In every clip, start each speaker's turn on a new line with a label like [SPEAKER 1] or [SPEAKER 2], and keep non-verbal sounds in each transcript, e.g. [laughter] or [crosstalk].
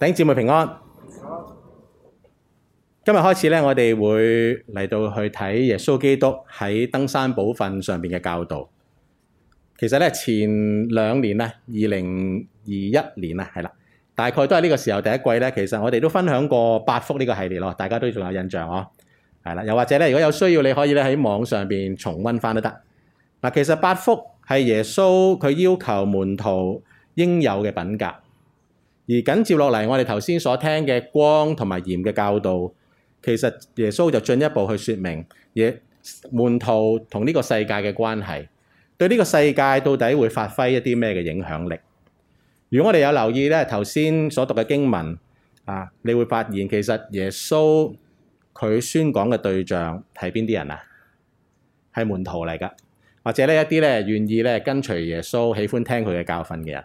[SPEAKER 1] 頂姐妹平安。今日開始咧，我哋會嚟到去睇耶穌基督喺登山寶訓上邊嘅教導。其實咧，前兩年啊，二零二一年啊，係啦，大概都係呢個時候第一季咧。其實我哋都分享過八福呢個系列咯，大家都仲有印象哦。係啦，又或者咧，如果有需要，你可以咧喺網上邊重溫翻都得。嗱，其實八福係耶穌佢要求門徒應有嘅品格。而緊接落嚟，我哋頭先所聽嘅光同埋鹽嘅教導，其實耶穌就進一步去説明嘢門徒同呢個世界嘅關係，對呢個世界到底會發揮一啲咩嘅影響力？如果我哋有留意呢頭先所讀嘅經文啊，你會發現其實耶穌佢宣講嘅對象係邊啲人啊？係門徒嚟㗎，或者呢一啲呢願意跟隨耶穌、喜歡聽佢嘅教訓嘅人。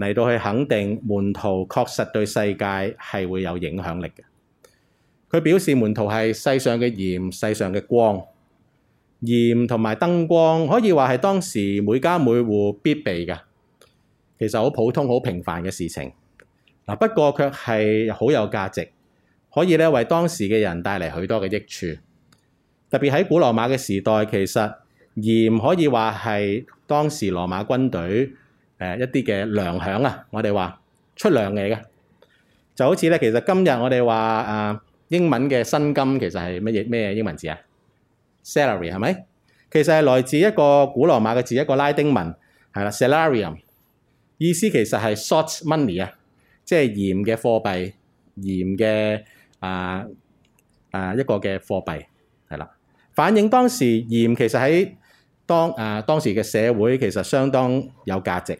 [SPEAKER 1] 嚟到去肯定門徒確實對世界係會有影響力嘅。佢表示門徒係世上嘅鹽，世上嘅光，鹽同埋燈光可以話係當時每家每戶必備嘅，其實好普通、好平凡嘅事情。嗱，不過卻係好有價值，可以咧為當時嘅人帶嚟許多嘅益處。特別喺古羅馬嘅時代，其實鹽可以話係當時羅馬軍隊。誒一啲嘅糧餉啊，我哋話出糧嚟嘅，就好似咧。其實今日我哋話誒英文嘅薪金其實係乜嘢咩英文字啊？Salary 係咪？其實係來自一個古羅馬嘅字，一個拉丁文係啦，salarium，意思其實係 salt money 啊，即係鹽嘅貨幣，鹽嘅誒誒一個嘅貨幣係啦，反映當時鹽其實喺當誒當時嘅社會其實相當有價值。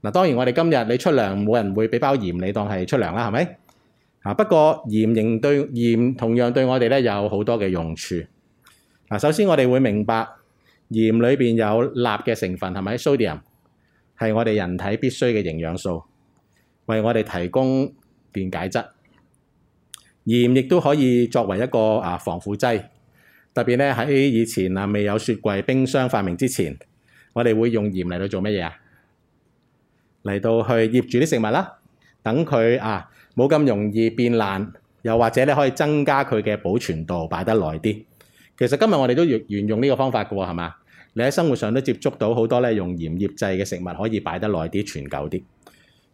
[SPEAKER 1] 嗱，當然我哋今日你出糧冇人會俾包鹽，你當係出糧啦，係咪？嚇，不過鹽仍對鹽同樣對我哋咧有好多嘅用處。嗱，首先我哋會明白鹽裏邊有鈉嘅成分，係咪？Sodium 係我哋人體必須嘅營養素，為我哋提供電解質。鹽亦都可以作為一個啊防腐劑，特別咧喺以前啊未有雪櫃、冰箱發明之前，我哋會用鹽嚟到做乜嘢啊？嚟到去醃住啲食物啦，等佢啊冇咁容易變爛，又或者咧可以增加佢嘅保存度，擺得耐啲。其實今日我哋都沿沿用呢個方法嘅喎，係嘛？你喺生活上都接觸到好多咧用鹽醃製嘅食物，可以擺得耐啲、存久啲。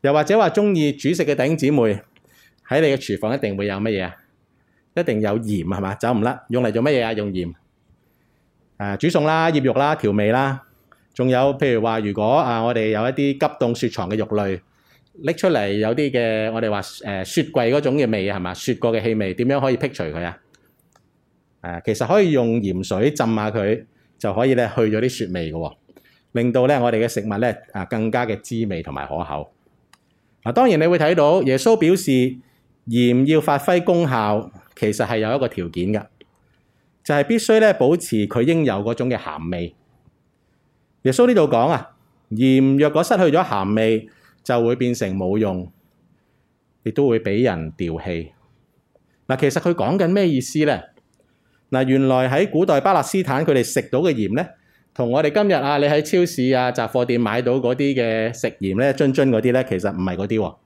[SPEAKER 1] 又或者話鍾意煮食嘅弟兄姊妹，喺你嘅廚房一定會有乜嘢啊？一定有鹽係嘛？走唔甩，用嚟做乜嘢啊？用鹽誒，煮餸啦、醃肉啦、調味啦。仲有譬如話，如果啊，我哋有一啲急凍雪藏嘅肉類，拎出嚟有啲嘅，我哋話誒雪櫃嗰種嘅味係嘛？雪過嘅氣味點樣可以辟除佢啊？誒，其實可以用鹽水浸下佢，就可以咧去咗啲雪味嘅喎，哦，令到咧我哋嘅食物咧啊更加嘅滋味同埋可口。嗱、啊，當然你會睇到耶穌表示，鹽要發揮功效，其實係有一個條件㗎，就係、係、必須咧保持佢應有嗰種嘅鹹味。耶穌呢度講啊，鹽若果失去咗鹹味，就會變成冇用，亦都會俾人掉棄。嗱，其實佢講緊咩意思呢？原來喺古代巴勒斯坦他們吃，佢哋食到嘅鹽呢，同我哋今日啊，你喺超市啊、雜貨店買到嗰啲嘅食鹽咧、樽樽嗰啲咧，其實唔係嗰啲喎，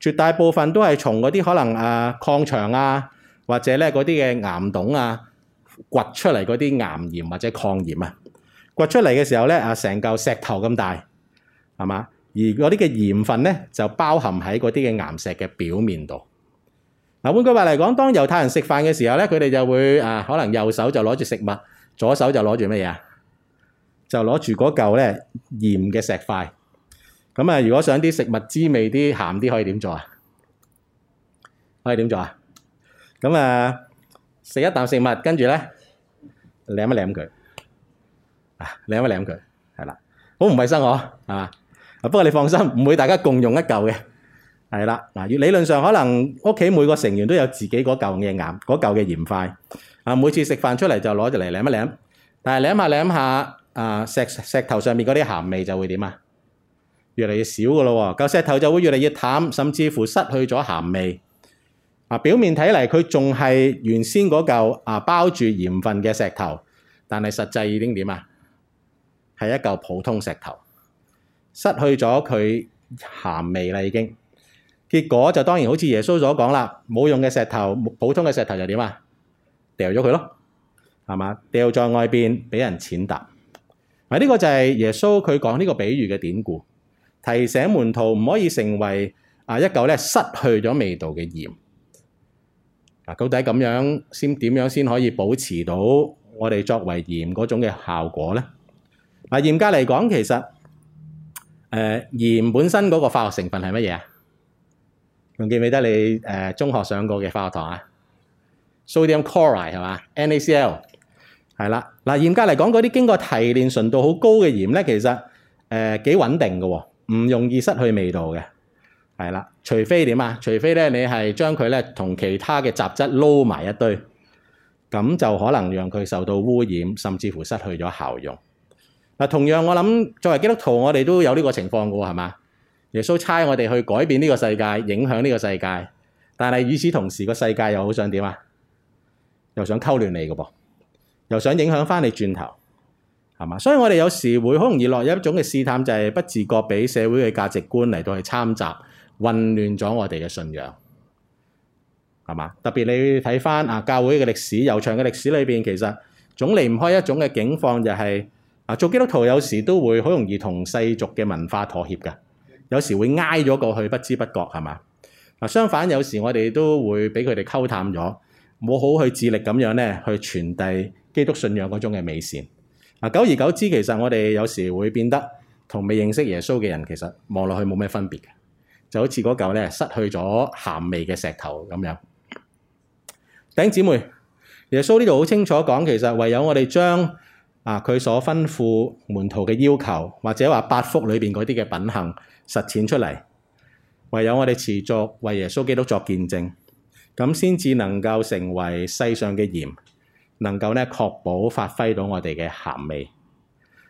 [SPEAKER 1] 絕大部分都係從嗰啲可能啊礦場啊，或者咧嗰啲嘅岩洞啊，掘出嚟嗰啲岩鹽或者礦鹽啊。掘出嚟嘅時候咧，啊，成嚿石頭咁大，係嘛？而嗰啲嘅鹽分咧，就包含喺嗰啲嘅岩石嘅表面度。嗱，換句話嚟講，當猶太人食飯嘅時候咧，佢哋就會啊，可能右手就攞住食物，左手就攞住咩嘢啊？就攞住嗰嚿咧鹽嘅石塊。咁啊，如果想啲食物滋味啲、鹹啲，可以點做啊？可以點做啊？咁啊，食一啖食物，跟住咧，舐一舐佢。啊，舐一舐佢，係啦，好唔衞生嗬，係嘛？不過你放心，唔會大家共用一嚿嘅，係啦。嗱，理論上可能屋企每個成員都有自己嗰嚿嘅鹽，嗰嚿嘅鹽塊。啊，每次食飯出嚟就攞隻嚟舐一舐。但係舐下舐下，啊，石石頭上面嗰啲鹹味就會點啊？越嚟越少噶咯喎，個石頭就會越嚟越淡，甚至乎失去咗鹹味。啊，表面睇嚟佢仲係原先嗰嚿啊包住鹽分嘅石頭，但係實際已經點啊？係一嚿普通石頭，失去咗佢鹹味啦，已經。結果就當然好似耶穌所講啦，冇用嘅石頭，普通嘅石頭就點啊？掉咗佢咯，係嘛？掉在外邊俾人踐踏。嗱，呢個就係耶穌佢講呢個比喻嘅典故，提醒門徒唔可以成為啊一嚿咧失去咗味道嘅鹽。啊，到底咁樣先點樣先可以保持到我哋作為鹽嗰種嘅效果呢？嗱，嚴格嚟講，其實，誒、呃、鹽本身嗰個化學成分係乜嘢啊？仲記唔記得你、呃、中學上過嘅化學堂 Sod chloride, 是吧 L, 是啊？sodium chloride 係嘛，NaCl 係啦。嗱，嚴格嚟講，嗰啲經過提煉純度好高嘅鹽呢，其實誒幾、呃、穩定嘅，唔容易失去味道嘅，係啦。除非點啊？除非咧，你係將佢咧同其他嘅雜質撈埋一堆，咁就可能讓佢受到污染，甚至乎失去咗效用。同樣我諗，作為基督徒，我哋都有呢個情況㗎喎，係嘛？耶穌差我哋去改變呢個世界，影響呢個世界，但係與此同時，個世界又好想點啊？又想勾亂你㗎噃，又想影響返你轉頭，係嘛？所以我哋有時會好容易落入一種嘅試探，就係不自覺俾社會嘅價值觀嚟到去參雜，混亂咗我哋嘅信仰，係嘛？特別你睇返教會嘅歷史悠長嘅歷史裏面，其實總離唔開一種嘅境況，就係、是。做基督徒有時都會好容易同世俗嘅文化妥協嘅，有時會挨咗過去，不知不覺係嘛？啊，相反有時我哋都會俾佢哋溝淡咗，冇好去致力咁樣咧去傳遞基督信仰嗰種嘅美善。啊，久而久之，其實我哋有時會變得同未認識耶穌嘅人其實望落去冇咩分別嘅，就好似嗰嚿咧失去咗鹹味嘅石頭咁樣。頂姊妹，耶穌呢度好清楚講，其實唯有我哋將。啊！佢所吩咐門徒嘅要求，或者話八福裏邊嗰啲嘅品行實踐出嚟，唯有我哋持續為耶穌基督作見證，咁先至能夠成為世上嘅鹽，能夠呢確保發揮到我哋嘅鹹味。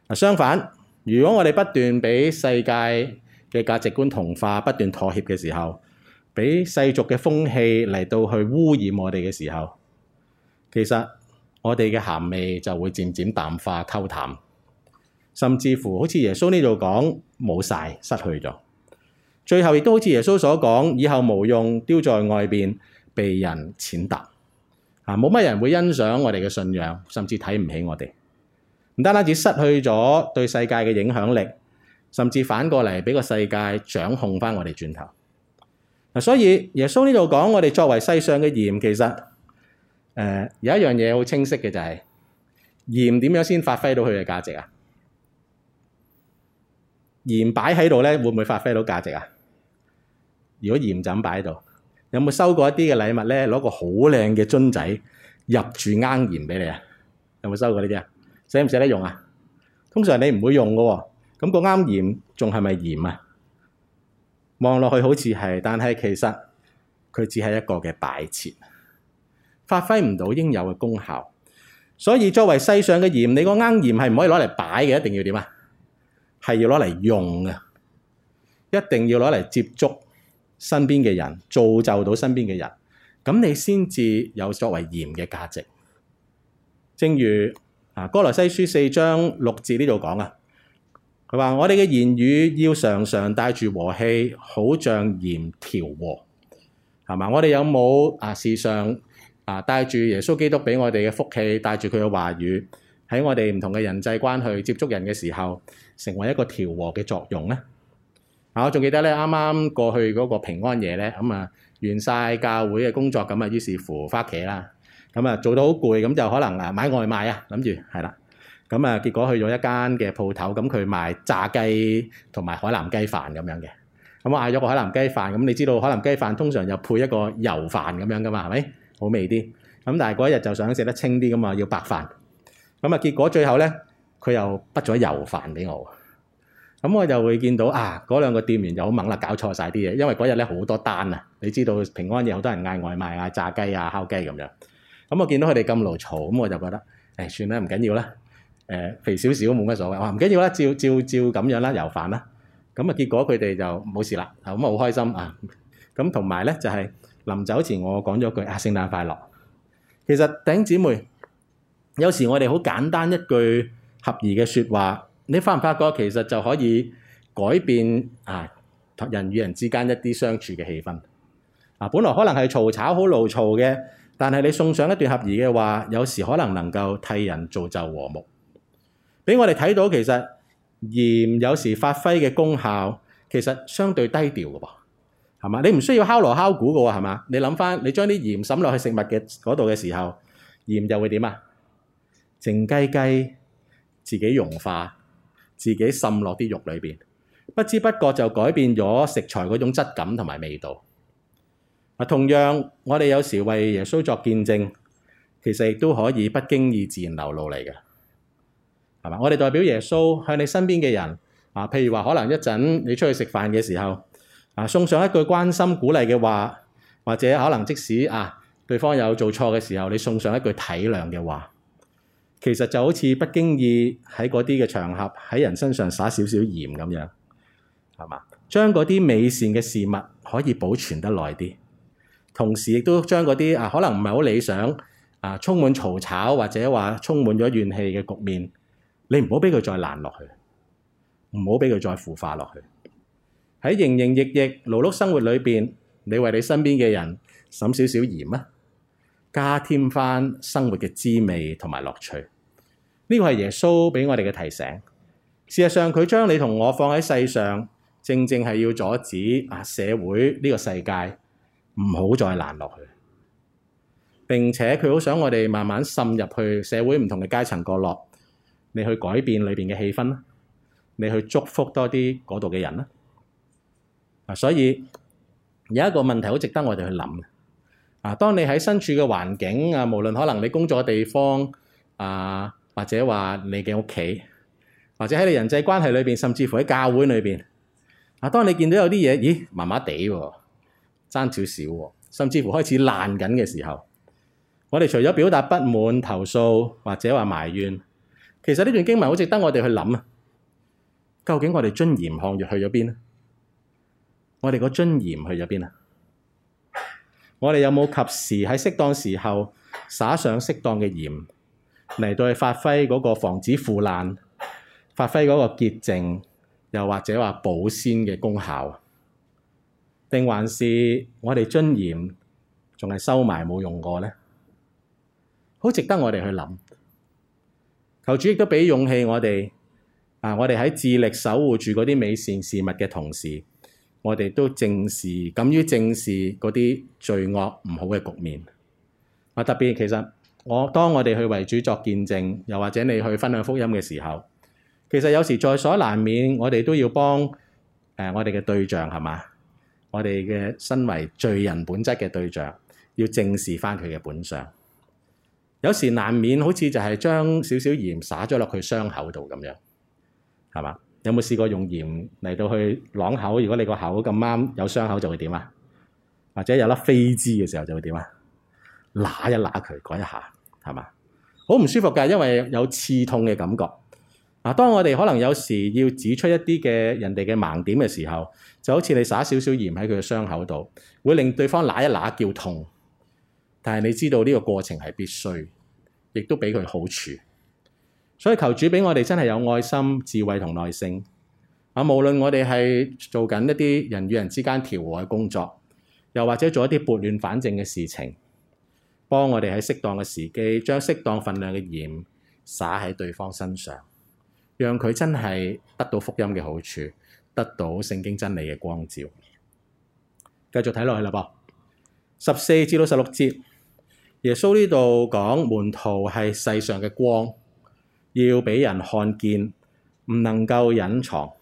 [SPEAKER 1] 啊，相反，如果我哋不斷畀世界嘅價值觀同化，不斷妥協嘅時候，畀世俗嘅風氣嚟到去污染我哋嘅時候，其實～我哋嘅鹹味就會漸漸淡化、溝淡，甚至乎好似耶穌呢度講，冇晒、失去咗。最後亦都好似耶穌所講，以後無用，丟在外邊，被人踐踏。啊，冇乜人會欣賞我哋嘅信仰，甚至睇唔起我哋。唔單單只失去咗對世界嘅影響力，甚至反過嚟俾個世界掌控翻我哋轉頭、啊。所以耶穌呢度講，我哋作為世上嘅鹽，其實。誒、uh，有一樣嘢好清晰嘅就係、是、鹽點樣先發揮到佢嘅價值啊？鹽擺喺度咧，會唔會發揮到價值啊？如果鹽就咁擺喺度，有冇收過一啲嘅禮物咧？攞個好靚嘅樽仔入住岩鹽畀你啊？有冇收過呢啲啊？捨唔捨得用啊？通常你唔會用嘅喎、哦，咁、那個岩鹽仲係咪鹽啊？望落去好似係，但係其實佢只係一個嘅擺設。發揮唔到應有嘅功效，所以作為世上嘅鹽，你個鈎鹽係唔可以攞嚟擺嘅，一定要點啊？係要攞嚟用嘅，一定要攞嚟接觸身邊嘅人，造就到身邊嘅人，咁你先至有作為鹽嘅價值。正如啊《哥羅西書》四章六節呢度講啊，佢話我哋嘅言語要常常帶住和氣，好像鹽調和，係嘛？我哋有冇啊？時常啊！帶住耶穌基督俾我哋嘅福氣，帶住佢嘅話語，喺我哋唔同嘅人際關係接觸人嘅時候，成為一個調和嘅作用咧。啊！我仲記得咧，啱啱過去嗰個平安夜咧，咁、嗯、啊完晒教會嘅工作，咁啊於是乎返屋企啦，咁、嗯、啊做到好攰，咁就可能啊買外賣啊，諗住係啦，咁啊、嗯、結果去咗一間嘅鋪頭，咁、嗯、佢賣炸雞同埋海南雞飯咁樣嘅，咁、嗯、我嗌咗個海南雞飯，咁你知道海南雞飯通常又配一個油飯咁樣噶嘛，係咪？好味啲，咁但係嗰一日就想食得清啲噶嘛，要白飯。咁啊，結果最後咧，佢又畢咗油飯俾我。咁我就會見到啊，嗰兩個店員就好猛啦，搞錯晒啲嘢。因為嗰日咧好多單啊，你知道平安夜好多人嗌外賣啊、炸雞啊、烤雞咁、啊、樣。咁、嗯、我見到佢哋咁勞嘈，咁我就覺得，誒算啦，唔緊要啦。誒肥少少冇乜所謂，話唔緊要啦，照照照咁樣啦，油飯啦。咁、嗯、啊，結果佢哋就冇事啦，咁啊好開心啊。咁同埋咧就係、是。臨走前我說了，我講咗句啊，聖誕快樂。其實弟兄姐妹，有時我哋好簡單一句合宜嘅説話，你發唔發覺其實就可以改變啊人與人之間一啲相處嘅氣氛？啊，本來可能係嘈吵好怒嘈嘅，但係你送上一段合宜嘅話，有時可能能夠替人造就和睦。俾我哋睇到，其實鹽有時發揮嘅功效，其實相對低調嘅係嘛？你唔需要敲鑼敲鼓嘅喎，係嘛？你諗返，你將啲鹽滲落去食物嘅嗰度嘅時候，鹽就會點啊？靜雞雞自己融化，自己滲落啲肉裏面，不知不覺就改變咗食材嗰種質感同埋味道。同樣我哋有時為耶穌作見證，其實亦都可以不經意自然流露嚟嘅，係嘛？我哋代表耶穌向你身邊嘅人啊，譬如話，可能一陣你出去食飯嘅時候。啊！送上一句關心、鼓勵嘅話，或者可能即使啊對方有做錯嘅時候，你送上一句體諒嘅話，其實就好似不經意喺嗰啲嘅場合喺人身上撒少少鹽咁樣，係嘛？將嗰啲美善嘅事物可以保存得耐啲，同時亦都將嗰啲啊可能唔係好理想啊，充滿嘈吵或者話充滿咗怨氣嘅局面，你唔好俾佢再爛落去，唔好俾佢再腐化落去。喺營營役役勞碌生活裏面，你為你身邊嘅人滲少少鹽啊，加添翻生活嘅滋味同埋樂趣。呢個係耶穌俾我哋嘅提醒。事實上，佢將你同我放喺世上，正正係要阻止啊社會呢個世界唔好再爛落去。並且佢好想我哋慢慢滲入去社會唔同嘅階層角落，你去改變裏面嘅氣氛，你去祝福多啲嗰度嘅人。所以有一個問題好值得我哋去諗。啊，當你喺身處嘅環境啊，無論可能你工作嘅地方，或者話你嘅屋企，或者喺你，你人際關係裏面，甚至乎喺教會裏面，啊，當你見到有啲嘢，咦，麻麻地喎，爭少少喎，甚至乎開始爛緊嘅時候，我哋除咗表達不滿、投訴或者話埋怨，其實呢段經文好值得我哋去諗。究竟我哋尊嚴項約去咗邊？我哋個樽鹽去咗邊啊？我哋有冇及時喺適當時候撒上適當嘅鹽嚟到去發揮嗰個防止腐爛、發揮嗰個潔淨，又或者話保鮮嘅功效？定還是我哋樽鹽仲係收埋冇用過咧？好值得我哋去諗。求主亦都畀勇氣我哋啊！我哋喺致力守護住嗰啲美善事物嘅同時，我哋都正視，敢於正視嗰啲罪惡唔好嘅局面。啊，特別其實我當我哋去為主作見證，又或者你去分享福音嘅時候，其實有時在所難免我、呃，我哋都要幫誒我哋嘅對象係嘛，我哋嘅身為罪人本質嘅對象，要正視返佢嘅本相。有時難免好似就係將少少鹽撒咗落佢傷口度咁樣，係嘛？有冇試過用鹽嚟到去啷口？如果你個口咁啱有傷口，就會點啊？或者有粒飛滋嘅時候就會點啊？揦一揦佢，嗰一下係嘛？好唔舒服㗎，因為有刺痛嘅感覺。嗱、啊，當我哋可能有時要指出一啲嘅人哋嘅盲點嘅時候，就好似你撒少少鹽喺佢嘅傷口度，會令對方揦一揦叫痛。但係你知道呢個過程係必須，亦都俾佢好處。所以求主俾我哋真係有愛心、智慧同耐性啊，無論我哋係做緊一啲人與人之間調和嘅工作，又或者做一啲撥亂反正嘅事情，幫我哋喺適當嘅時機，將適當份量嘅鹽撒喺對方身上，讓佢真係得到福音嘅好處，得到聖經真理嘅光照。繼續睇落去啦噃，十四至到十六節，耶穌呢度講門徒係世上嘅光。要俾人看見，唔能夠隱藏。穌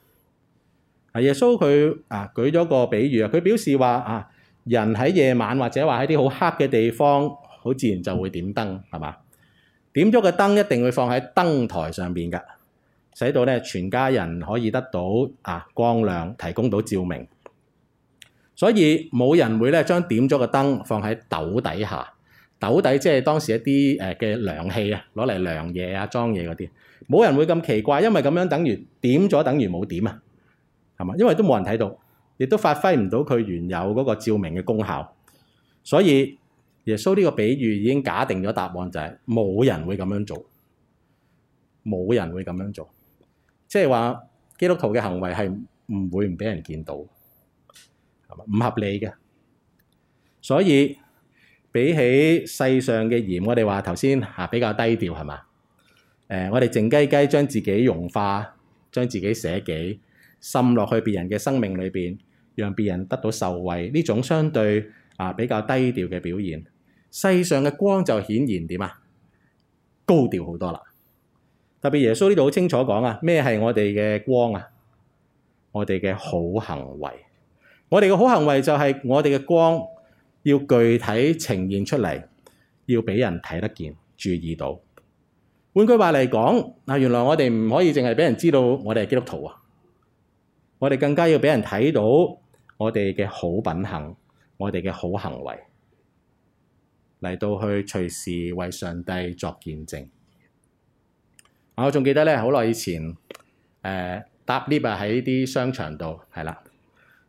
[SPEAKER 1] 他啊，耶穌佢啊舉咗個比喻啊，佢表示話啊，人喺夜晚或者話喺啲好黑嘅地方，好自然就會點燈，係嘛？點咗個燈一定會放喺燈台上面嘅，使到咧全家人可以得到啊光亮，提供到照明。所以冇人會咧將點咗個燈放喺斗底下。斗底即係當時一啲誒嘅量器啊，攞嚟量嘢啊、裝嘢嗰啲，冇人會咁奇怪，因為咁樣等於點咗，等於冇點啊，係嘛？因為都冇人睇到，亦都發揮唔到佢原有嗰個照明嘅功效，所以耶穌呢個比喻已經假定咗答案，就係冇人會咁樣做，冇人會咁樣做，即係話基督徒嘅行為係唔會唔俾人見到，係嘛？唔合理嘅，所以。比起世上嘅鹽，我哋話頭先啊比較低調係嘛？誒、呃，我哋靜雞雞將自己融化，將自己捨己，滲落去別人嘅生命裏邊，讓別人得到受惠，呢種相對啊比較低調嘅表現。世上嘅光就顯然點啊？高調好多啦！特別耶穌呢度好清楚講啊，咩係我哋嘅光啊？我哋嘅好行為，我哋嘅好行為就係我哋嘅光。要具體呈現出嚟，要俾人睇得見、注意到。換句話嚟講，嗱，原來我哋唔可以淨係俾人知道我哋係基督徒啊，我哋更加要俾人睇到我哋嘅好品行、我哋嘅好行為，嚟到去隨時為上帝作見證。我仲記得呢，好耐以前，誒、呃、搭 lift 啊，喺啲商場度，係啦。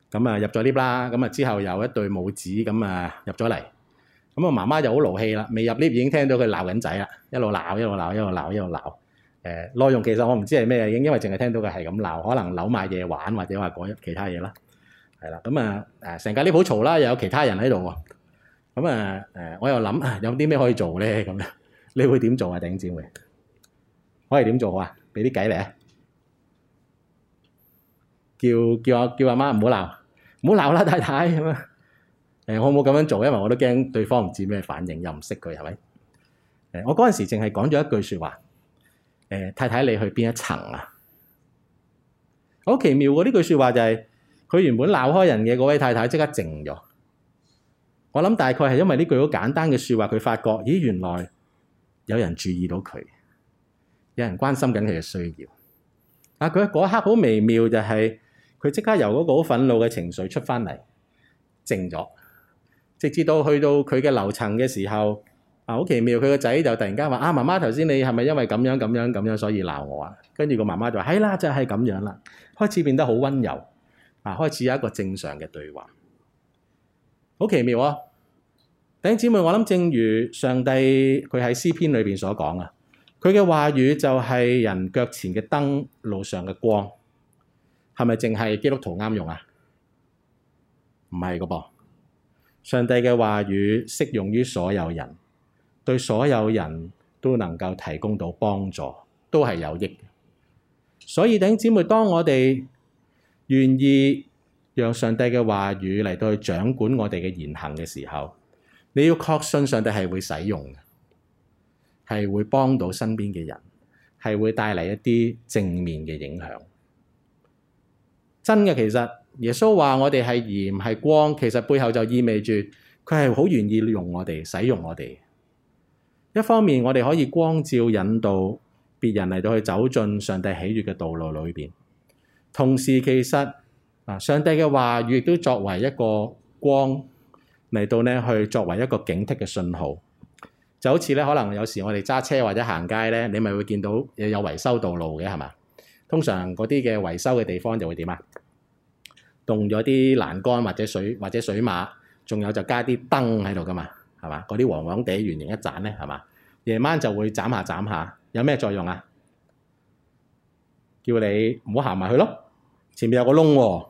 [SPEAKER 1] 咁啊入咗 lift 啦，咁啊之後有一對母子咁啊入咗嚟，咁啊媽媽就好勞氣啦，未入 lift 已經聽到佢鬧緊仔啦，一路鬧，一路鬧，一路鬧，一路鬧，誒、呃、內容其實我唔知係咩嘢，因為淨係聽到佢係咁鬧，可能扭埋嘢玩或者話講其他嘢啦，係啦，咁啊誒成間 lift 好嘈啦，又有其他人喺度喎，咁啊誒我又諗有啲咩可以做咧咁樣，你會點做啊？頂姊妹，可以點做啊？俾啲計嚟啊！叫叫阿叫阿媽唔好鬧。唔好鬧啦，太太咁啊！誒、 [laughs] 嗯，我冇咁樣做，因為我都驚對方唔知咩反應，又唔識佢係咪？我嗰陣時淨係講咗一句說話、嗯，太太你去邊一層啊？好奇妙喎！呢句說話就係、是，佢原本鬧開人嘅嗰位太太即刻靜咗。我諗大概係因為呢句好簡單嘅說話，佢發覺咦，原來有人注意到佢，有人關心緊佢嘅需要。啊，佢嗰一刻好微妙、就是，就係。佢即刻由嗰個好憤怒嘅情緒出返嚟，靜咗，直至到去到佢嘅樓層嘅時候，啊，好奇妙！佢個仔就突然間話：啊，媽媽，頭先你係咪因為咁樣、咁樣、咁樣所以鬧我啊？跟住個媽媽就話：係啦，就係、是、咁樣啦。開始變得好溫柔，啊，開始有一個正常嘅對話，好奇妙啊！弟兄姊妹，我諗正如上帝佢喺詩篇裏面所講啊，佢嘅話語就係人腳前嘅燈，路上嘅光。係咪淨係基督徒啱用啊？唔係個噃，上帝嘅話語適用於所有人，對所有人都能夠提供到幫助，都係有益嘅。所以弟兄姊妹，當我哋願意讓上帝嘅話語嚟到去掌管我哋嘅言行嘅時候，你要確信上帝係會使用嘅，係會幫到身邊嘅人，係會帶嚟一啲正面嘅影響。真嘅，其實耶穌話我哋係鹽係光，其實背後就意味住佢係好願意用我哋，使用我哋。一方面，我哋可以光照引導別人嚟到去走進上帝喜悅嘅道路裏面；同時，其實啊，上帝嘅話語亦都作為一個光嚟到呢去作為一個警惕嘅信號。就好似呢，可能有時我哋揸車或者行街呢，你咪會見到有維修道路嘅，係嘛？通常嗰啲嘅維修嘅地方就會點啊？動咗啲欄杆或者水或者水馬，仲有就加啲燈喺度㗎嘛，係嘛？嗰啲黃黃哋圓形一盞呢，係嘛？夜晚就會斬下斬下，有咩作用啊？叫你唔好行埋去咯，前面有個窿喎，哦，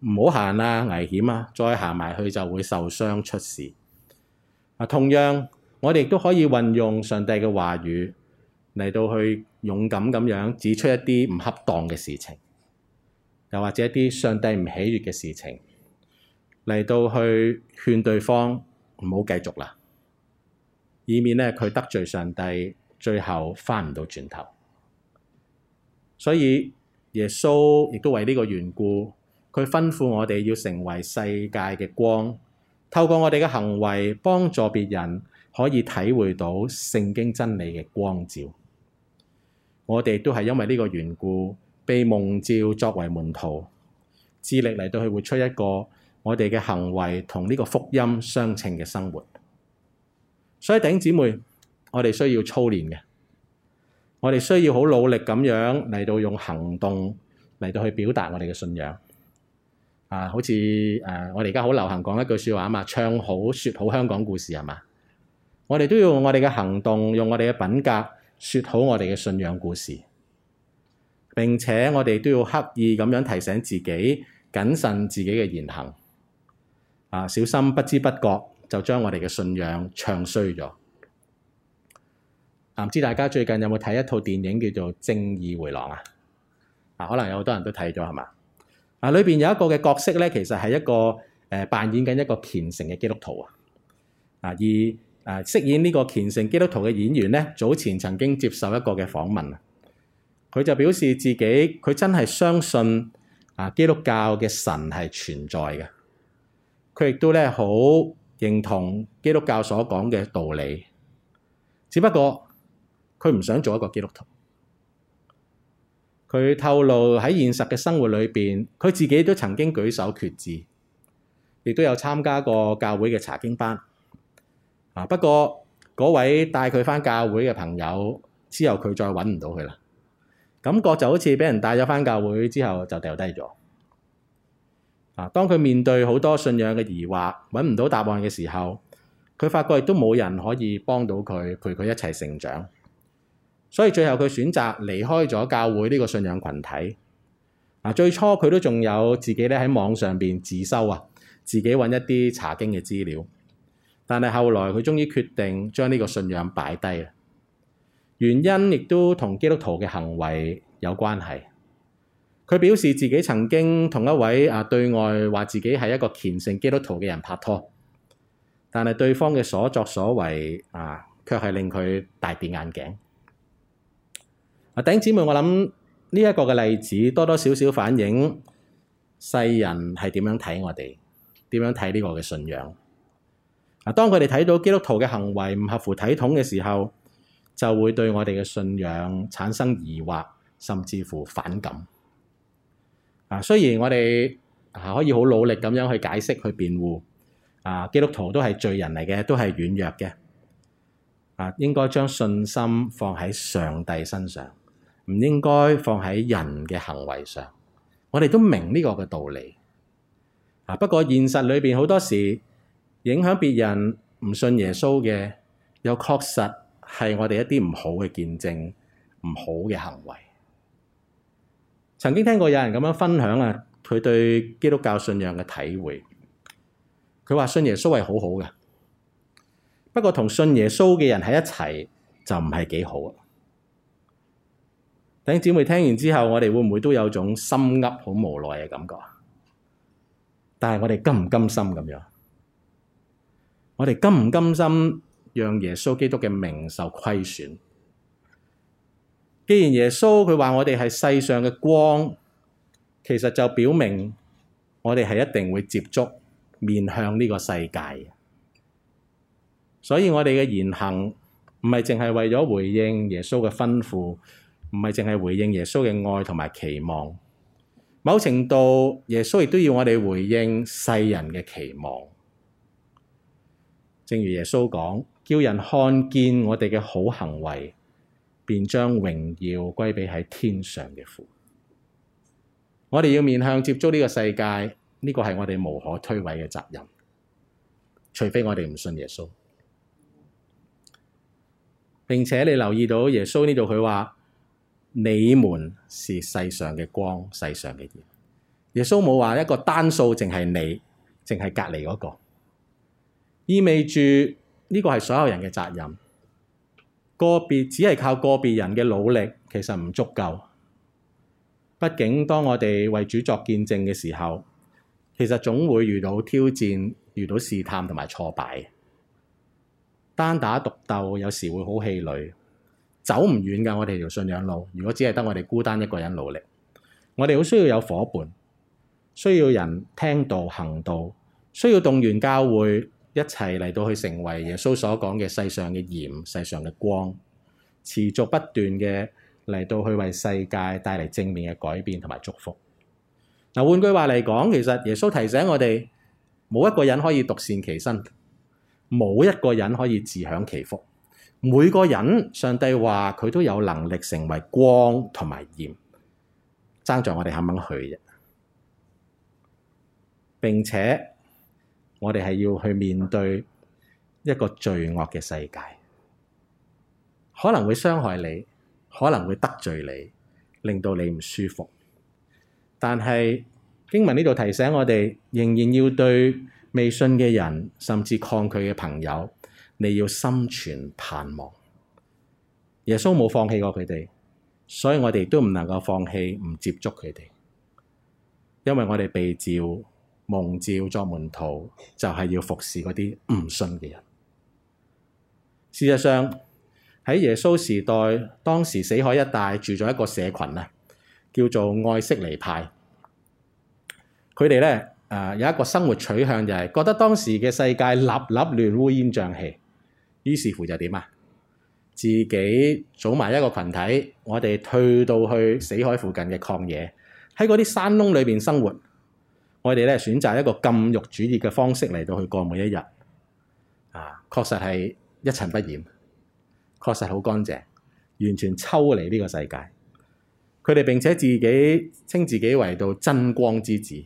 [SPEAKER 1] 唔好行啦，危險啊！再行埋去就會受傷出事。啊，同樣我哋亦都可以運用上帝嘅話語嚟到去。勇敢咁樣指出一啲唔恰當嘅事情，又或者一啲上帝唔喜悦嘅事情，嚟到去勸對方唔好繼續喇，以免呢佢得罪上帝，最後返唔到轉頭。所以耶穌亦都為呢個緣故，佢吩咐我哋要成為世界嘅光，透過我哋嘅行為幫助別人，可以體會到聖經真理嘅光照。我哋都係因為呢個緣故，被蒙召作為門徒，致力嚟到去活出一個我哋嘅行為同呢個福音相稱嘅生活。所以頂姊妹，我哋需要操練嘅，我哋需要好努力咁樣嚟到用行動嚟到去表達我哋嘅信仰。啊，好似誒、啊，我哋而家好流行講一句說話啊嘛，唱好說好香港故事係嘛，我哋都要用我哋嘅行動，用我哋嘅品格。説好我哋嘅信仰故事，並且我哋都要刻意咁樣提醒自己謹慎自己嘅言行，啊，小心不知不覺就將我哋嘅信仰唱衰咗。啊唔知大家最近有冇睇一套電影叫做《正義回廊》啊？啊可能有好多人都睇咗係嘛？啊裏邊有一個嘅角色咧，其實係一個誒、呃、扮演緊一個虔誠嘅基督徒啊，啊而。啊！飾演呢、這個虔誠基督徒嘅演員呢，早前曾經接受一個嘅訪問，佢就表示自己佢真係相信啊基督教嘅神係存在嘅，佢亦都咧好認同基督教所講嘅道理，只不過佢唔想做一個基督徒。佢透露喺現實嘅生活裏邊，佢自己都曾經舉手決志，亦都有參加過教會嘅查經班。啊！不過嗰位帶佢返教會嘅朋友，之後佢再揾唔到佢啦。感覺就好似俾人帶咗返教會之後，就掉低咗。啊！當佢面對好多信仰嘅疑惑，揾唔到答案嘅時候，佢發覺亦都冇人可以幫到佢，陪佢一齊成長。所以最後佢選擇離開咗教會呢個信仰群體。啊！最初佢都仲有自己咧喺網上邊自修啊，自己揾一啲查經嘅資料。但係後來佢終於決定將呢個信仰擺低，原因亦都同基督徒嘅行為有關係。佢表示自己曾經同一位啊對外話自己係一個虔誠基督徒嘅人拍拖，但係對方嘅所作所為啊，卻係令佢大跌眼鏡。啊，頂姊妹，我諗呢一個嘅例子多多少少反映世人係點樣睇我哋，點樣睇呢個嘅信仰。嗱，當佢哋睇到基督徒嘅行為唔合乎體統嘅時候，就會對我哋嘅信仰產生疑惑，甚至乎反感。啊，雖然我哋可以好努力咁樣去解釋、去辯護。啊，基督徒都係罪人嚟嘅，都係軟弱嘅。啊，應該將信心放喺上帝身上，唔應該放喺人嘅行為上。我哋都明呢個道理。啊，不過現實裏面好多時，影響別人唔信耶穌嘅，又確實係我哋一啲唔好嘅見證，唔好嘅行為。曾經聽過有人咁樣分享啊，佢對基督教信仰嘅體會。佢話信耶穌係好好嘅，不過同信耶穌嘅人喺一齊就唔係幾好啊。弟兄姊妹聽完之後，我哋會唔會都有種心噏好無奈嘅感覺？但係我哋甘唔甘心咁樣？我哋甘唔甘心讓耶穌基督嘅名受虧損？既然耶穌佢話我哋係世上嘅光，其實就表明我哋係一定會接觸面向呢個世界。所以我哋嘅言行唔係淨係為咗回應耶穌嘅吩咐，唔係淨係回應耶穌嘅愛同埋期望。某程度，耶穌亦都要我哋回應世人嘅期望。正如耶穌講，叫人看見我哋嘅好行為，便將榮耀歸畀喺天上嘅父。我哋要面向接觸呢個世界，呢、這個係我哋無可推諉嘅責任，除非我哋唔信耶穌，並且你留意到耶穌呢度佢話：你們是世上嘅光，世上嘅鹽。耶穌冇話一個單數，淨係你，淨係隔籬嗰、那個。意味住呢個係所有人嘅責任，個別只係靠個別人嘅努力，其實唔足夠。畢竟當我哋為主作見證嘅時候，其實總會遇到挑戰、遇到試探同埋挫敗。單打獨鬥有時會好氣餒，走唔遠㗎。我哋條信仰路，如果只係得我哋孤單一個人努力，我哋好需要有伙伴，需要人聽道行道，需要動員教會。一齊嚟到去成為耶穌所講嘅世上嘅鹽、世上嘅光，持續不斷嘅嚟到去為世界帶嚟正面嘅改變同埋祝福。嗱換句話嚟講，其實耶穌提醒我哋，冇一個人可以獨善其身，冇一個人可以自享其福。每個人，上帝話佢都有能力成為光同埋鹽，爭在我哋肯唔肯去，並且。我哋係要去面對一個罪惡嘅世界，可能會傷害你，可能會得罪你，令到你唔舒服。但係經文呢度提醒我哋，仍然要對未信嘅人，甚至抗拒嘅朋友，你要心存盼望。耶穌冇放棄過佢哋，所以我哋都唔能夠放棄唔接觸佢哋，因為我哋被召。蒙召作門徒就係、是、要服侍嗰啲唔信嘅人。事實上喺耶穌時代，當時死海一帶住咗一個社群啊，叫做愛色尼派。佢哋咧誒有一個生活取向就係覺得當時嘅世界立立亂、烏煙瘴氣，於是乎就點啊，自己組埋一個群體，我哋退到去死海附近嘅曠野，喺嗰啲山窿裏邊生活。我哋呢選擇一個禁欲主義嘅方式嚟到去過每一日啊，確實係一塵不染，確實好乾淨，完全抽離呢個世界。佢哋並且自己稱自己為到真光之子，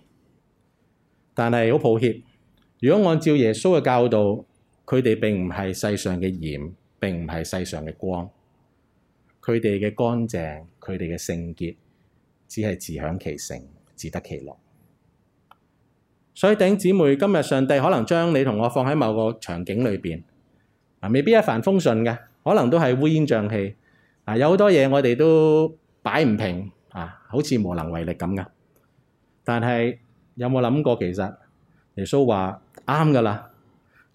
[SPEAKER 1] 但係好抱歉，如果按照耶穌嘅教導，佢哋並唔係世上嘅鹽，並唔係世上嘅光。佢哋嘅乾淨，佢哋嘅聖潔，只係自享其成，自得其樂。所以頂姊妹，今日上帝可能將你同我放喺某個場景裏面，嗱、啊、未必一帆風順嘅，可能都係烏煙瘴氣。啊，有好多嘢我哋都擺唔平啊，好似無能為力咁嘅。但係有冇諗過？其實耶穌話啱㗎喇，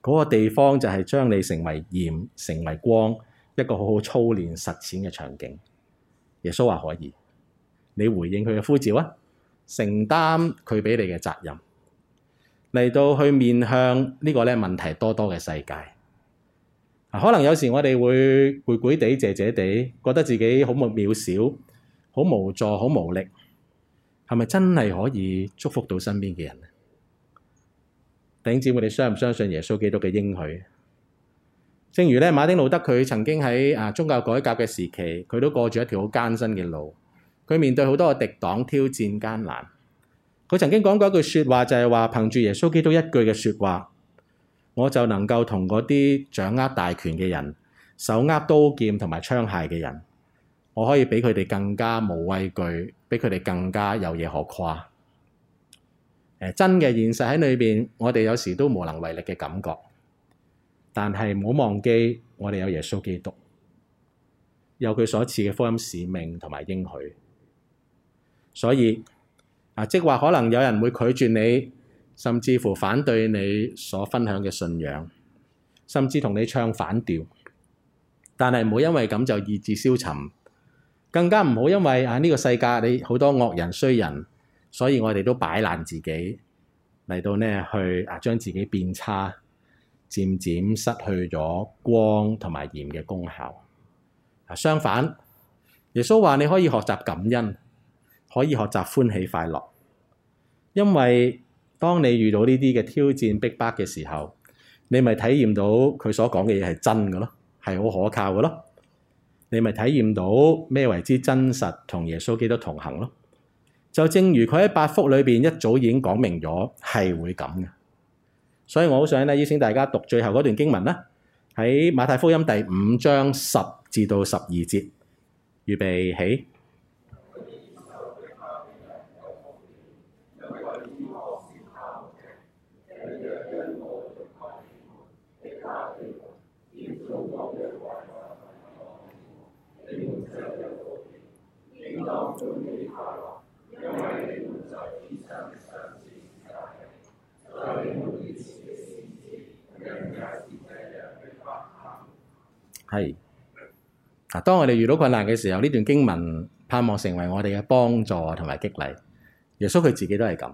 [SPEAKER 1] 嗰、那個地方就係將你成為鹽，成為光，一個好好操練實踐嘅場景。耶穌話可以，你回應佢嘅呼召啊，承擔佢俾你嘅責任。嚟到去面向呢個咧問題多多嘅世界，啊，可能有時我哋會攰攰地、謝謝地，覺得自己好渺小、好無助、好無力，係咪真係可以祝福到身邊嘅人咧？弟兄姊妹，你相唔相信耶穌基督嘅應許？正如咧，馬丁路德佢曾經喺啊宗教改革嘅時期，佢都過住一條好艱辛嘅路，佢面對好多個敵黨挑戰艱難。佢曾經講過一句説話，就係話憑住耶穌基督一句嘅説話，我就能夠同嗰啲掌握大權嘅人、手握刀劍同埋槍械嘅人，我可以比佢哋更加無畏懼，比佢哋更加有嘢可誇。誒，真嘅現實喺裏面，我哋有時都無能為力嘅感覺，但係唔好忘記我哋有耶穌基督，有佢所賜嘅福音使命同埋應許，所以。即係話，可能有人會拒絕你，甚至乎反對你所分享嘅信仰，甚至同你唱反調。但係唔好因為咁就意志消沉，更加唔好因為啊呢個世界你好多惡人衰人，所以我哋都擺爛自己嚟到呢去啊將自己變差，漸漸失去咗光同埋鹽嘅功效。啊，相反，耶穌話你可以學習感恩，可以學習歡喜快樂。因為當你遇到呢啲嘅挑戰逼迫嘅時候，你咪體驗到佢所講嘅嘢係真嘅咯，係好可靠嘅咯。你咪體驗到咩為之真實同耶穌基督同行咯？就正如佢喺八福裏面一早已經講明咗係會咁嘅。所以我好想咧邀請大家讀最後嗰段經文啦。喺馬太福音第五章十至到十二節，預備起。係嗱，當我哋遇到困難嘅時候，呢段經文盼望成為我哋嘅幫助同埋激勵。耶穌佢自己都係咁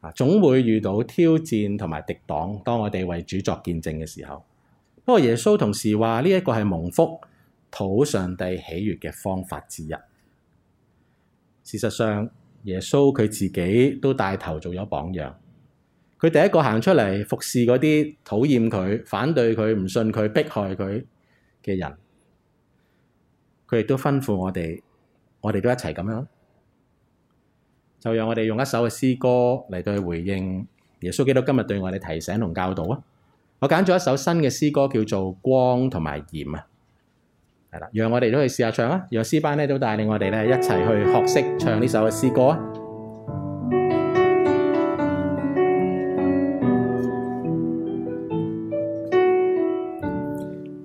[SPEAKER 1] 啊，總會遇到挑戰同埋敵擋。當我哋為主作見證嘅時候，不過耶穌同時話，呢一個係蒙福討上帝喜悦嘅方法之一。事實上，耶穌佢自己都帶頭做咗榜樣。佢第一個行出嚟服侍嗰啲討厭佢、反對佢、唔信佢、迫害佢嘅人。佢亦都吩咐我哋，我哋都一齊咁樣，就讓我哋用一首嘅詩歌嚟對回應耶穌基督今日對我哋提醒同教導啊！我揀咗一首新嘅詩歌，叫做《光同埋鹽》啊。係，讓我哋都去試下唱啦。讓詩班都帶領我哋一齊去學識唱呢首詩歌啊！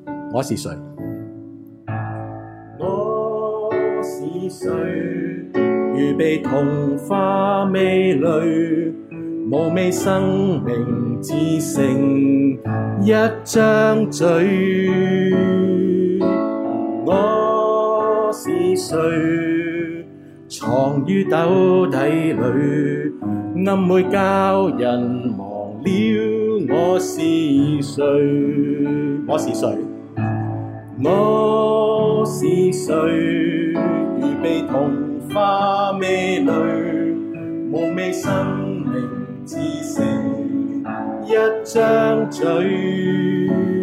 [SPEAKER 1] 嗯、我是誰？
[SPEAKER 2] 我是誰？如被童花微淚，無味生命滋成一張嘴。誰藏於斗底裏？暗昧教人忘了我是誰，我是誰？我是誰？如被童話美累，無味生命只是一張嘴。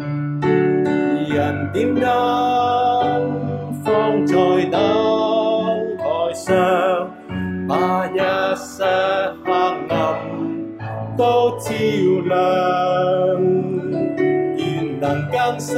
[SPEAKER 2] 人點燈，放在燈台上，把一些黑暗都照亮，願能更新。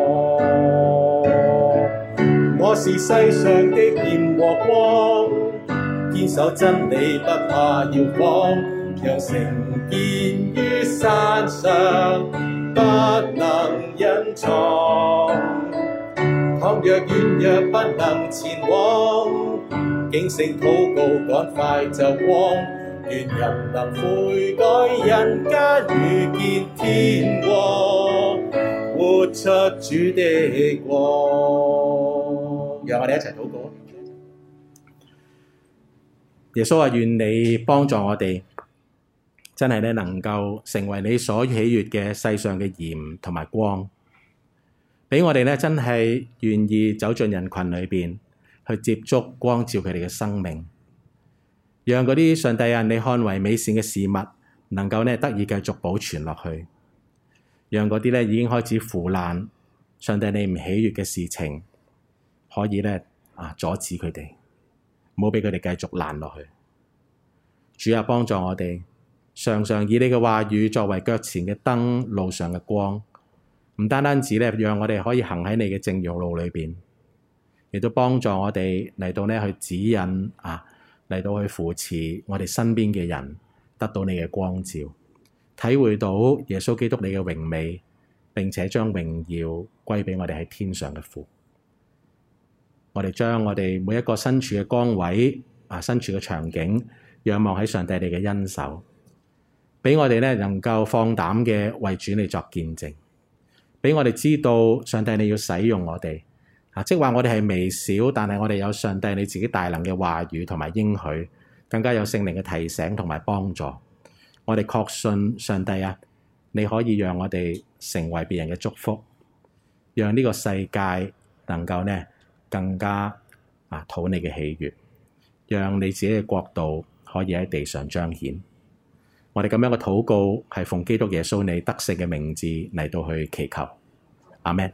[SPEAKER 2] 我是世上的鹽和光，堅守真理不怕搖晃，讓城建於山上，不能隱藏。倘若軟弱不能前往，警醒禱告趕快就光。願人能悔改，人間遇見天光，活出主的光。讓我哋一齊
[SPEAKER 1] 禱告，耶穌話：願你幫助我哋，真係咧能夠成為你所喜悅嘅世上嘅鹽同埋光，俾我哋咧真係願意走進人群裏邊去接觸光照佢哋嘅生命，讓嗰啲上帝啊你看為美善嘅事物能夠咧得以繼續保存落去，讓嗰啲咧已經開始腐爛，上帝你唔喜悅嘅事情。可以咧啊，阻止佢哋，唔好俾佢哋繼續爛落去。主啊，幫助我哋，常常以你嘅話語作為腳前嘅燈，路上嘅光，唔單單止咧，讓我哋可以行喺你嘅正義路裏邊，亦都幫助我哋嚟到咧去指引啊，嚟到去扶持我哋身邊嘅人，得到你嘅光照，體會到耶穌基督你嘅榮美，並且將榮耀歸畀我哋喺天上嘅父。我哋將我哋每一個身處嘅崗位啊，身處嘅場景，仰望喺上帝你嘅恩手，畀我哋咧能夠放膽嘅為主你作見證，畀我哋知道上帝你要使用我哋啊，即係話我哋係微小，但係我哋有上帝你自己大能嘅話語同埋應許，更加有聖靈嘅提醒同埋幫助。我哋確信上帝啊，你可以讓我哋成為別人嘅祝福，讓呢個世界能夠咧。更加啊，討你嘅喜悅，讓你自己嘅國度可以喺地上彰顯。我哋咁樣嘅禱告係奉基督耶穌你得勝嘅名字嚟到去祈求，阿門。